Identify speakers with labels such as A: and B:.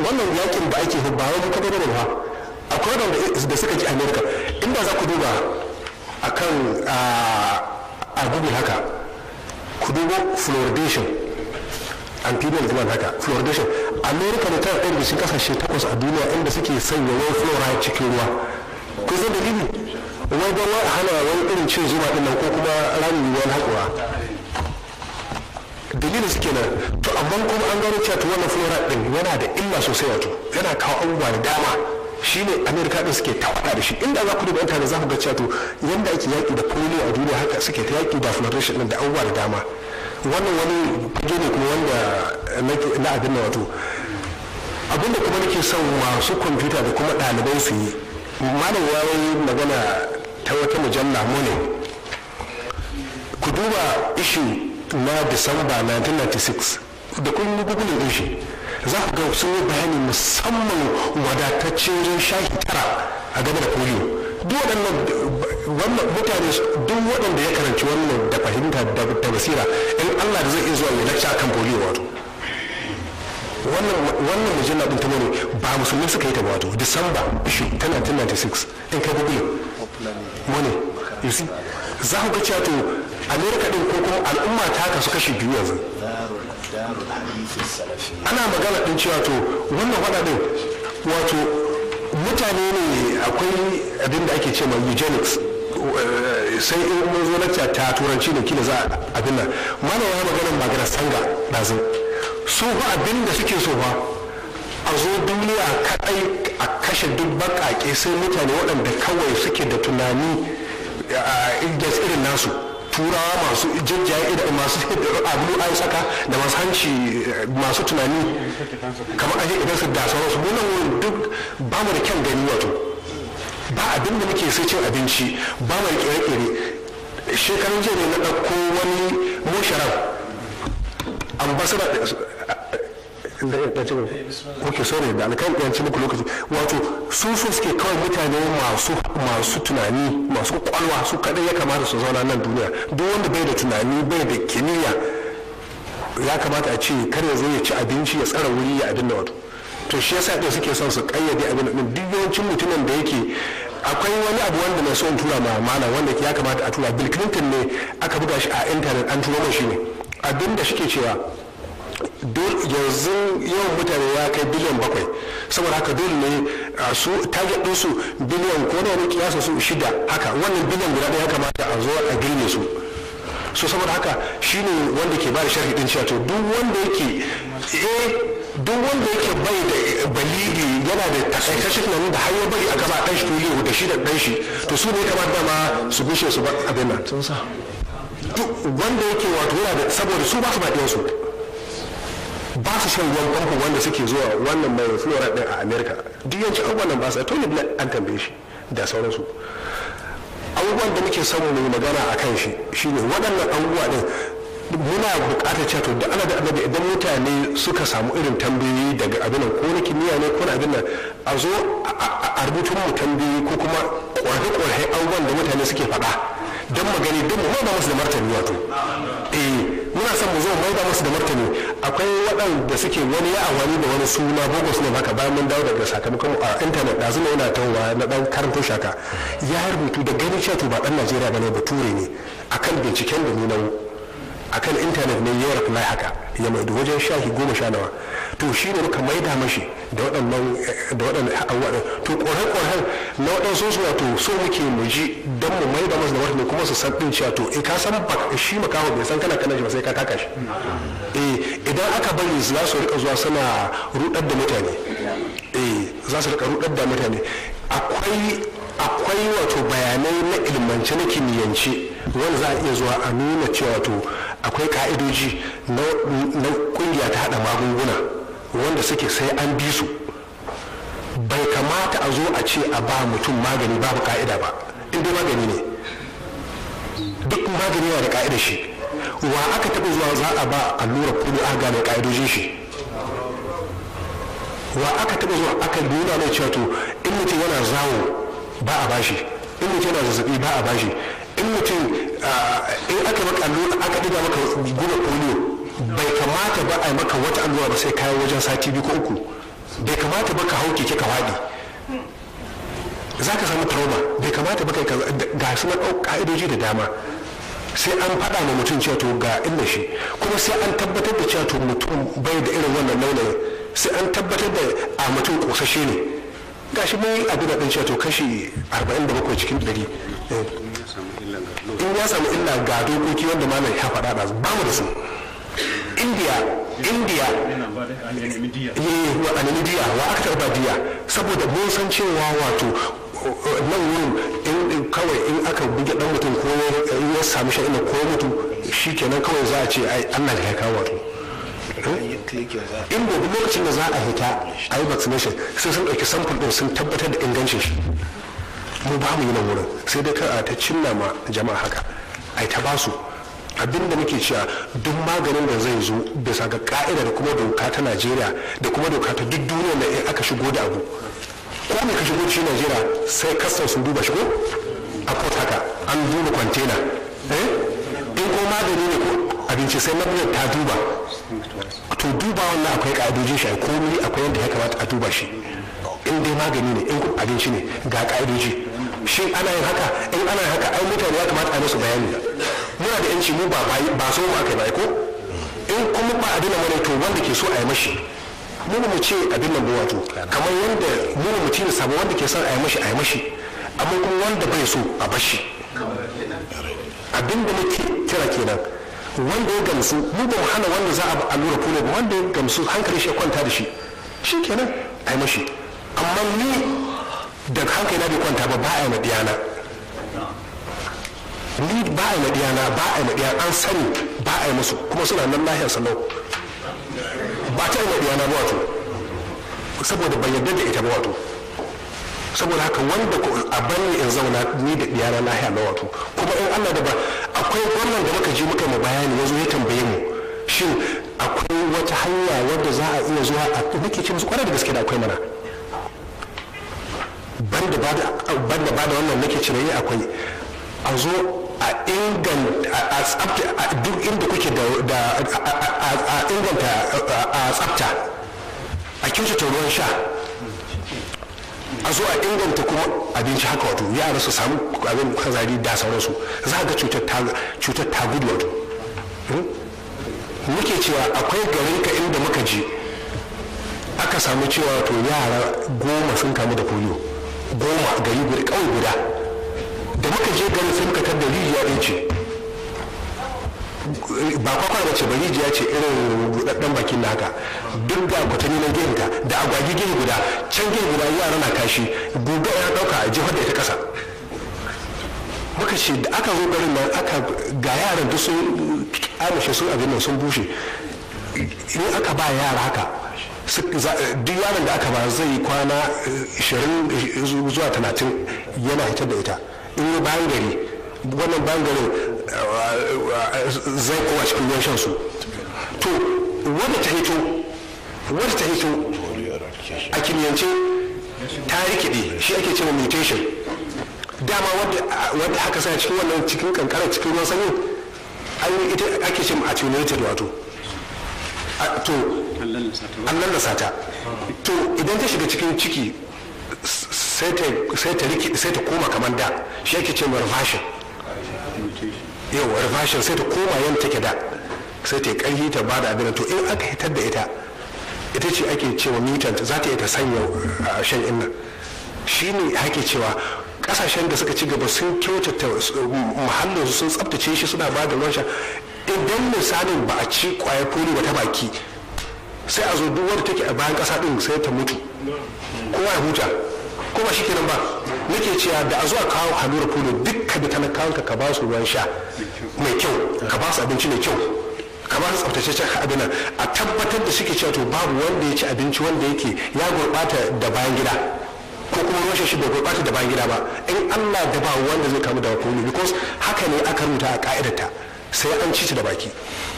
A: wannan yakin da ake ba wani kada ba ba akwai wanda da suka ji amerika inda za ku duba kan a google haka ku duba fluoridation and female gland haka fluoridation america ne ta ɗaya daga kasashe takwas a duniya inda suke sanya wani fluoride cikin ruwa ko san dalili wai don hana wani irin cin zuba ɗin nan ko kuma ramin ruwan haƙura dalilin su nan to amma kuma an gano cewa wannan fluoride din yana da illa sosai wato yana kawo abubuwa da dama shine amerika din suke tawada da shi inda za ku duba intanet za ku ga cewa to yanda ake yaki da polio a duniya haka suke ta yaki da fluoridation din da abubuwa da dama wannan wani fage ne kuma wanda na abin da wato abinda kuma nake son masu kwamfuta da kuma ɗalibai su yi malam ya magana ta wata mujalla ne ku duba ishin na disamba 1996 da kun yi google din za ku ga sun yi bayani musamman wadataccen shahi tara a game da polio duk waɗannan mutane duk waɗanda ya karanci wannan da fahimta da basira in allah da zai iya zuwa mai lacca kan polio wato wannan mujalla ɗin ta mani ba musulmi suka yi ta wato disamba 1996 in ka google wani you za ku ga cewa to amerika din ko kuma al'umma ta kasu kashi biyu yanzu ana magana din cewa to wannan faɗa wato mutane ne akwai abin da ake ce ma eugenics eh, sai in mun zo lacca ta turanci da kila za a abin nan malama ya magana magana sanga ɗazin su ba abin da suke so ba a zo duniya kaɗai a kashe duk baƙaƙe sai mutane waɗanda kawai suke da tunani eh, eh, a irin nasu turawa masu jajjaye da masu abu a saka da masu hanci masu tunani kamar an idan su da sauransu wannan wurin duk ba mu da kyan gani wato ba abin da muke sai cin abinci ba mu da kere-kere shekarun jiya ne na ɗauko wani musharar ambasada da ok sorry da alkan yanci muku lokaci wato su suke kawai mutane masu masu tunani masu kwalwa su kadai ya kamata su zauna nan duniya duk wanda bai da tunani bai da kimiyya ya kamata a ce kar ya zo ya ci abinci ya tsara wuri ya abin da wato to shi yasa ɗin suke son su kayyade abin da duk yawancin mutumin da yake akwai wani abu wanda na son tura ma mana wanda ya kamata a tura bill clinton ne aka buga shi a intanet an tura shi ne abin da shike cewa yanzu yawan mutane ya kai biliyan bakwai saboda haka dole ne su target ɗinsu biliyan ko na wani kiyasa su shida haka wannan biliyan guda ɗaya kamata a zo a girme su so saboda haka shine wanda ke ba da sharhi din cewa to duk wanda yake eh duk wanda yake bai da eh, baligi yana da takaitaccen nan da har ya bari a gaba dan shi to da shi da dan shi to su ne kamar da ma su bushe su ba abin nan wanda yake wato yana da saboda su ba su ba ɗiyansu ba su shan ruwan famfo wanda suke zuwa wannan mai flora din a america duk yanci abubuwan nan ba su toilet nan an tambaye shi da sauransu abubuwan da muke samu mai magana a kan shi shine waɗannan abubuwa din muna buƙatar cewa to da ana da idan mutane suka samu irin tambayoyi daga abin ko na kimiyya ne ko na abin nan a zo a rubuta mu tambayoyi ko kuma ƙwarfe-ƙwarfe abubuwan da mutane suke faɗa don magani don mu ba musu da martani wato eh muna son mu zo mai da musu da martani akwai waɗanda suke wani ya amfani da wani suna bogus ne haka bayan mun dawo daga sakamakon a intanet da zuma yana tawowa na dan karanto shaka ya rubutu da ganin cewa ba dan Najeriya bane ture ne akan binciken da nuna akan intanet ne ya reply haka ya mai wajen shahi goma sha nawa to shi ne ka maida mashi da waɗannan da waɗannan to ƙoran-ƙoran na waɗansu su wato so muke mu ji don mu maida masu da waɗanda kuma su san ɗin cewa to in eh, ka san shi ma kawo bai san kana kana ji ba sai ka kaka shi eh, idan aka bari za su rika zuwa suna rudar da mutane eh, za su rika rudar da mutane akwai akwai wato bayanai na ilmance na kimiyyance wanda za a iya zuwa a nuna cewa to akwai ka'idoji na kungiya ta hada magunguna wanda suke sai an bi su bai kamata a zo a ce a ba mutum magani babu ka'ida ba in magani ne duk magani yana da ka'ida shi wa aka taɓa zuwa za a ba allurar kudu a gane ka'idojin shi wa aka taɓa zuwa aka nuna mai cewa to in mutum yana zawo ba a bashi in mutum yana zazzabi ba a bashi in mutum ah, in aka maka allura aka ɗiga maka guba polio bai kamata ba a yi maka wata allura ba sai kayan wajen sati biyu ko uku bai kamata ba ka hau keke ka faɗi za ka samu trauma bai kamata ba ka ga su na ka'idoji da dama sai an faɗa ma mutum cewa to ga inda shi kuma sai an tabbatar da cewa to mutum bai da irin wannan launin sai an tabbatar da a mutum kosashe ne ga shi mun abu da cewa to kashi 47 cikin 100 eh. in ya samu illa ga dokoki wanda malam ya faɗa ba mu da su indiya indiya eh, a namibia wa aka karba saboda mun san cewa wato nan wurin kawai in aka buge dan mutum ko ya samu sha'ina ko mutu shi kenan kawai za a ce ai na ya kawo wato eh? in gobe lokacin da za a hita a yi vaccination sai sun ɗauki samfur ɗin sun tabbatar da ingancin shi mu ba mu yi nan wurin sai dai ka ta cinna ma jama'a haka ai ta basu abin da muke cewa duk maganin da zai zo bisa ga ka'ida da kuma doka ta najeriya da kuma doka ta duk duniya da aka shigo da abu ko ne ka shigo cikin najeriya sai kasar sun duba shigo a port haka an duba kwantena eh? in ko magani ne ko abinci sai lafiyar ta duba to duba wannan akwai ka'idojin shi komai akwai yadda ya kamata a duba shi in dai magani ne in abinci ne ga ka'idoji shin ana yin haka in ana yin haka ai mutane ya kamata a musu bayani da yanci mu ba ba so ba kai bai ko in kuma ba abin mana to wanda ke so a yi mashi mu mu ce abin nan ba wato kamar yanda mu mu mutum samu wanda ke son a yi mashi a yi mashi amma kuma wanda bai so a bashi abin da muke kira kenan wanda ya gamsu mu ba hana wanda za a ba allura kuma ba wanda ya gamsu hankali shi kwanta da shi shi kenan a yi mashi amma ni da hankali na bai kwanta ba ba a yi madiyana ni ba a yi na ba a yi naɗiya an sani ba a yi musu kuma suna nan lahiyar sannan ba ta yi na diyana ba wato saboda ban yarda da ita ba wato saboda haka wanda ku a bani in zauna ni da diyana lahiyar na wato kuma in Allah da ba akwai wannan da muka je muka mu bayani ya zo ya tambaye mu shin akwai wata hanya wadda za a iya zuwa a nake ce musu kwarai da gaske da akwai mana banda ba da wannan nake cire akwai a zo a inganta a tsabta duk inda kuke da a inganta a a kyautata ruwan sha a zo a inganta kuma abinci haka wato yara su samu abin kazari da sauransu za ga cutar ta gudu wato hmm? muke cewa akwai garin ka inda muka je aka samu cewa wato yara goma sun kamu da polio goma gari guda kawai guda da muka je gari sun muka da rijiya ɗin ce ba kwakwa da ce ba rijiya ce irin rudaddan bakin haka duk da kwatanni na gehenta da agwagi gehe guda can gehe guda yara na kashi guga ya ɗauka a jihar da ita ƙasa muka ce da aka zo garin nan aka ga yaran duk sun amince sun abin nan sun bushe in aka ba yara haka duk yaron da aka ba zai kwana 20 zuwa 30 yana hitar da ita in bangare wannan bangare eh, zai kowa cikin ruwan shan su to wadda ta hito wadda ta hito a kimiyance ta rikide shi ake cewa mutation dama wadda haka sa cikin wannan cikin kankara cikin ruwan sanyi an yi ita ake cewa ta wato to an lalasa ta to idan ta shiga cikin ciki sai ta koma kamar da shi yake ce rufashin yau rufashin sai ta koma yan take da sai ta karfi ta bada abin to in aka hitar da ita ita ce ake cewa mutant za ta iya ta sanya a shan inna shi ne ake cewa kasashen da suka ci gaba sun kyautata muhallin sun tsabtace shi suna ba da ruwan idan misalin ba a ci kwayar foli ba ta baki sai a zo duk wadda take a bayan kasa din sai ta mutu kowa ya huta ko ba shikenan ba nake cewa da a zuwa kawo halura fulu dukka da talakawanka ka ba su ruwan sha mai kyau ka ba su abinci mai kyau ka ba su tsaftace abin a tabbatar da suke cewa to babu wanda ya ci abinci wanda yake ya gurɓata da bayan gida ko kuma ruwan shi bai gurɓata da bayan gida ba in Allah da ba wanda zai kamu da wakili because haka ne aka rubuta a ka'idarta sai an ci da baki